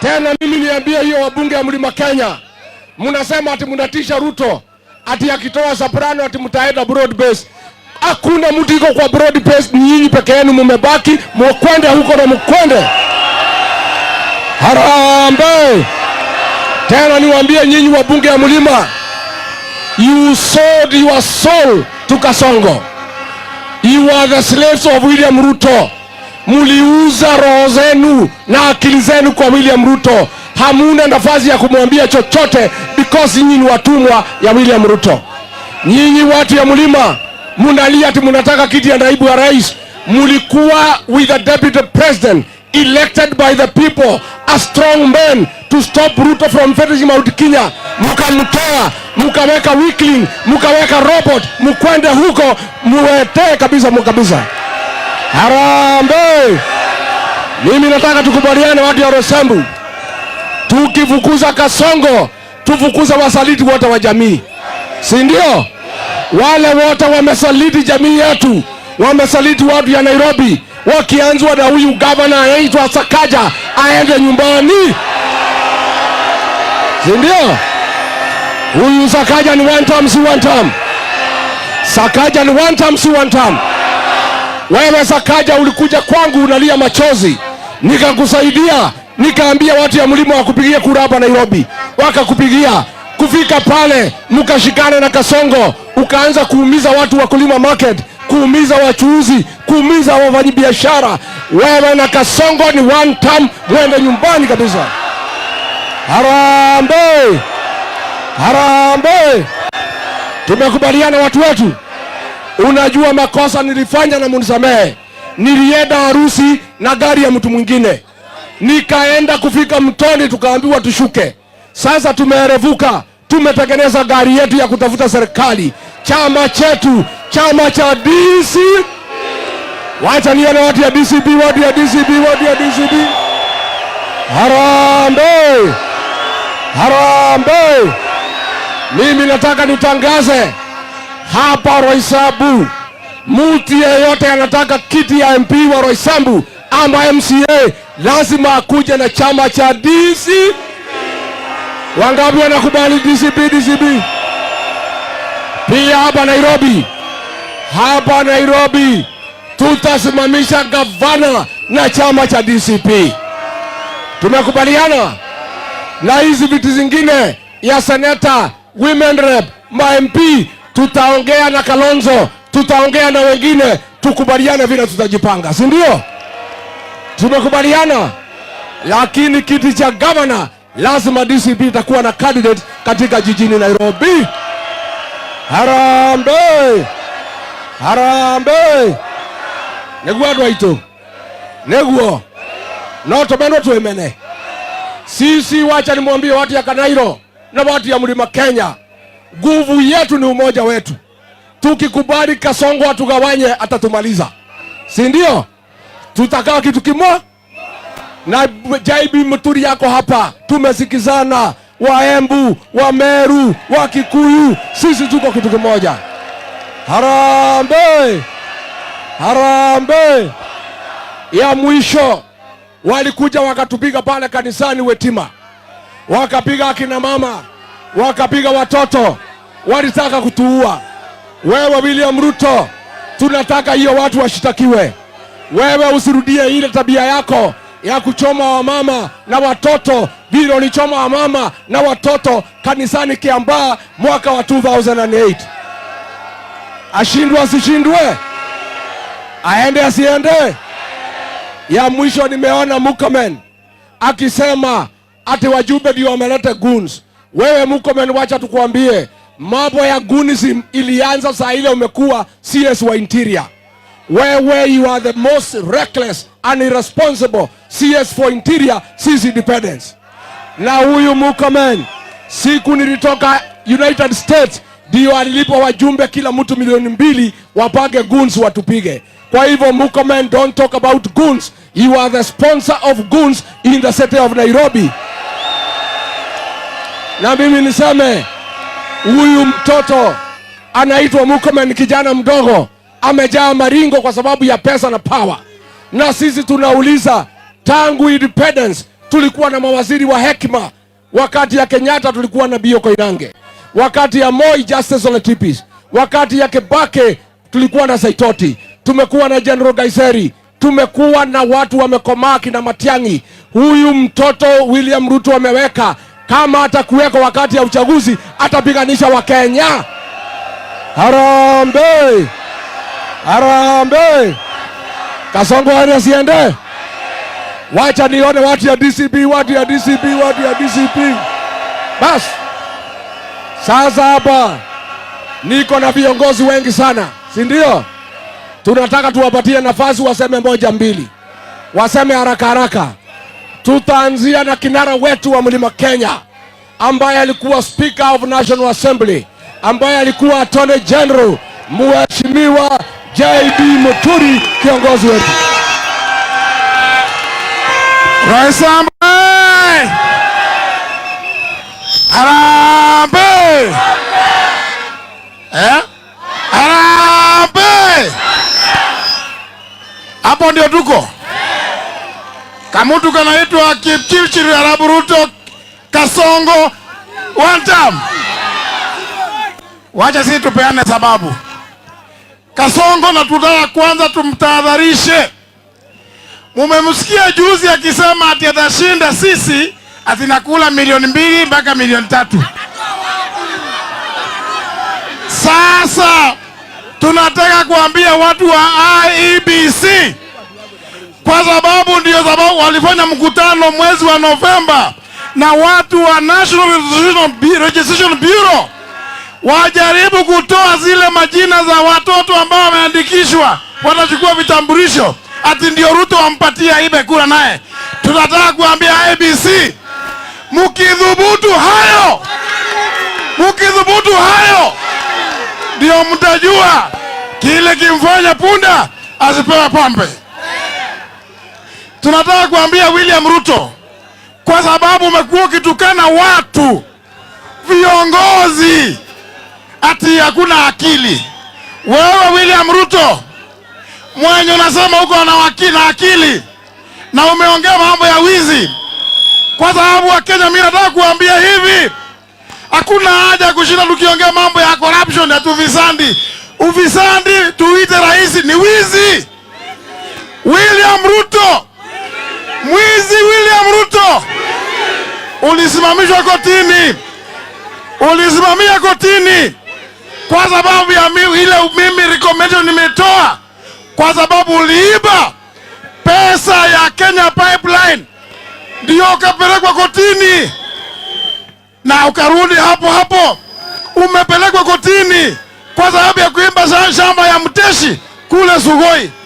Tena mimi niambie hiyo wabunge wa mlima Kenya, mnasema ati mnatisha Ruto ati akitoa soprano ati mtaenda broad base. Hakuna mtu iko kwa broad base, ni nyinyi peke yenu mmebaki, mukwende huko na mkwende harambe. Tena niwaambie nyinyi wabunge wa mlima, you sold your soul to Kasongo, you are the slaves of William Ruto. Mliuza roho zenu na akili zenu kwa William Ruto. Hamuna nafasi ya kumwambia chochote because nyinyi ni watumwa ya William Ruto. Nyinyi watu ya mlima munalia ati munataka kiti ya naibu ya rais. Mulikuwa with the deputy president elected by the people a strong man to stop Ruto from finishing Mount Kenya. Mkamtoa, mukaweka weakling, mukaweka robot, mukwende huko muwetee kabisa, mukabisa Harambee! Mimi nataka tukubaliane, watu ya Rosembu, tukifukuza Kasongo tuvukuza wasaliti wote wa jamii, si ndio? Wale wote wamesaliti jamii yetu, wamesaliti watu ya Nairobi, wakianzwa na huyu gavana anaitwa Sakaja aende nyumbani, si ndio? Huyu Sakaja ni one time, si one time. Sakaja ni one time, si one time. Wewe kaja, ulikuja kwangu unalia machozi, nikakusaidia, nikaambia watu ya mlima wakupigia kura hapa Nairobi, wakakupigia kufika pale mkashikane na Kasongo, ukaanza kuumiza watu kulima market, kuumiza wachuuzi, kuumiza wafanyabiashara. Wewe na Kasongo ni one time, mwende nyumbani kabisa. Harambe, harambe, tumekubaliana watu wetu. Unajua makosa nilifanya na munisamehe. Nilienda harusi na gari ya mtu mwingine, nikaenda kufika mtoni, tukaambiwa tushuke. Sasa tumeerevuka, tumetengeneza gari yetu ya kutafuta serikali, chama chetu, chama cha DC. Wacha nione watu ya DCB, watu ya DCB, watu ya DCB. Harambe, harambe! Mimi nataka nitangaze hapa Roysambu. Mtu yeyote anataka kiti ya MP wa Roysambu ama MCA lazima akuje na chama cha DC. Wangapi wanakubali DCP? DCP pia hapa Nairobi, hapa Nairobi tutasimamisha gavana na chama cha DCP. Tumekubaliana na hizi viti zingine ya seneta, women rep, ma MP tutaongea na Kalonzo, tutaongea na wengine, tukubaliane vile tutajipanga, si ndio? Tumekubaliana, lakini kiti cha gavana lazima DCP itakuwa na candidate katika jijini Nairobi. Harambee, harambee! neguo andå aitå no tå mendwo sisi wacha nimwambie watu ya Kanairo na watu ya mlima Kenya Nguvu yetu ni umoja wetu. Tukikubali Kasongo atugawanye, atatumaliza, si ndio? Tutakaa kitu kimo na jaibi mturi yako hapa, tumesikizana. Waembu, Wameru, Wakikuyu, sisi tuko kitu kimoja. Harambe, harambe ya mwisho walikuja wakatupiga pale kanisani Wetima, wakapiga akina mama, wakapiga watoto walitaka kutuua. Wewe William Ruto, tunataka hiyo watu washitakiwe. Wewe usirudie ile tabia yako ya kuchoma wamama na watoto vile ulichoma wamama na watoto kanisani Kiambaa mwaka wa 2008. Ashindwe asishindwe, aende asiende. Ya mwisho nimeona mukomen akisema ati wajumbe ndio wamelete guns. Wewe Mukomen, wacha tukuambie Mambo ya gunism ilianza saa ile umekuwa CS wa interior. Wewe you are the most reckless and irresponsible CS for interior sisi independence. Na huyu Murkomen siku nilitoka United States ndio alilipa wajumbe kila mtu milioni mbili wapage guns watupige. Kwa hivyo Murkomen, don't talk about guns. You are the sponsor of guns in the city of Nairobi. Na mimi niseme Huyu mtoto anaitwa Mukome, ni kijana mdogo, amejaa maringo kwa sababu ya pesa na power. Na sisi tunauliza, tangu independence tulikuwa na mawaziri wa hekima. Wakati ya Kenyatta tulikuwa na Bio Koinange, wakati ya Moi Justice Ole Tipis, wakati ya Kebake tulikuwa na Saitoti, tumekuwa na General Gaiseri, tumekuwa na watu wamekomaa kina Matiang'i. Huyu mtoto William Ruto ameweka kama atakuweko wakati ya uchaguzi atapiganisha Wakenya. Harambe, harambe! Kasongo ani asiende, wacha nione watu ya DCP, watu ya DCP, watu ya DCP. Bas sasa hapa niko na viongozi wengi sana, si ndio? Tunataka tuwapatie nafasi waseme moja mbili, waseme haraka haraka. Tutaanzia na kinara wetu wa Mlima Kenya ambaye alikuwa Speaker of National Assembly, ambaye alikuwa Attorney General, Mheshimiwa JB Muturi, kiongozi wetu. Rais ambaye Eh? Harambee! Hapo ndio tuko. Kamutu kanaitwa Kipchirchir Arabu Ruto Kasongo one time. Wacha sisi tupeane sababu. Kasongo na tutaka kwanza tumtahadharishe. Mumemsikia juzi akisema ati atashinda sisi atinakula milioni mbili mpaka milioni tatu. Sasa tunataka kuambia watu wa IEBC kwa sababu ndio sababu walifanya mkutano mwezi wa Novemba na watu wa National Registration Bureau wajaribu kutoa zile majina za watoto ambao wameandikishwa watachukua vitambulisho, ati ndio Ruto wampatia ibe kura. Naye tunataka kuambia ABC, mkidhubutu hayo, mkidhubutu hayo, ndio mtajua kile kimfanya punda asipewe pombe. Tunataka kuambia William Ruto, kwa sababu umekuwa ukitukana watu viongozi ati hakuna akili. Wewe William Ruto mwenye unasema huko na akili na umeongea mambo ya wizi, kwa sababu Wakenya, mimi nataka kuambia hivi, hakuna haja ya kushinda tukiongea mambo ya corruption ya tuvisandi uvisandi, tuite rahisi, ni wizi. William Ruto Mwizi William Ruto ulisimamishwa kotini, ulisimamia kotini kwa sababu ya ile mimi recommendation nimetoa, kwa sababu uliiba pesa ya Kenya Pipeline, ndio ukapelekwa kotini na ukarudi hapo hapo. Umepelekwa kotini kwa sababu ya kuimba shamba ya mteshi kule Sugoi.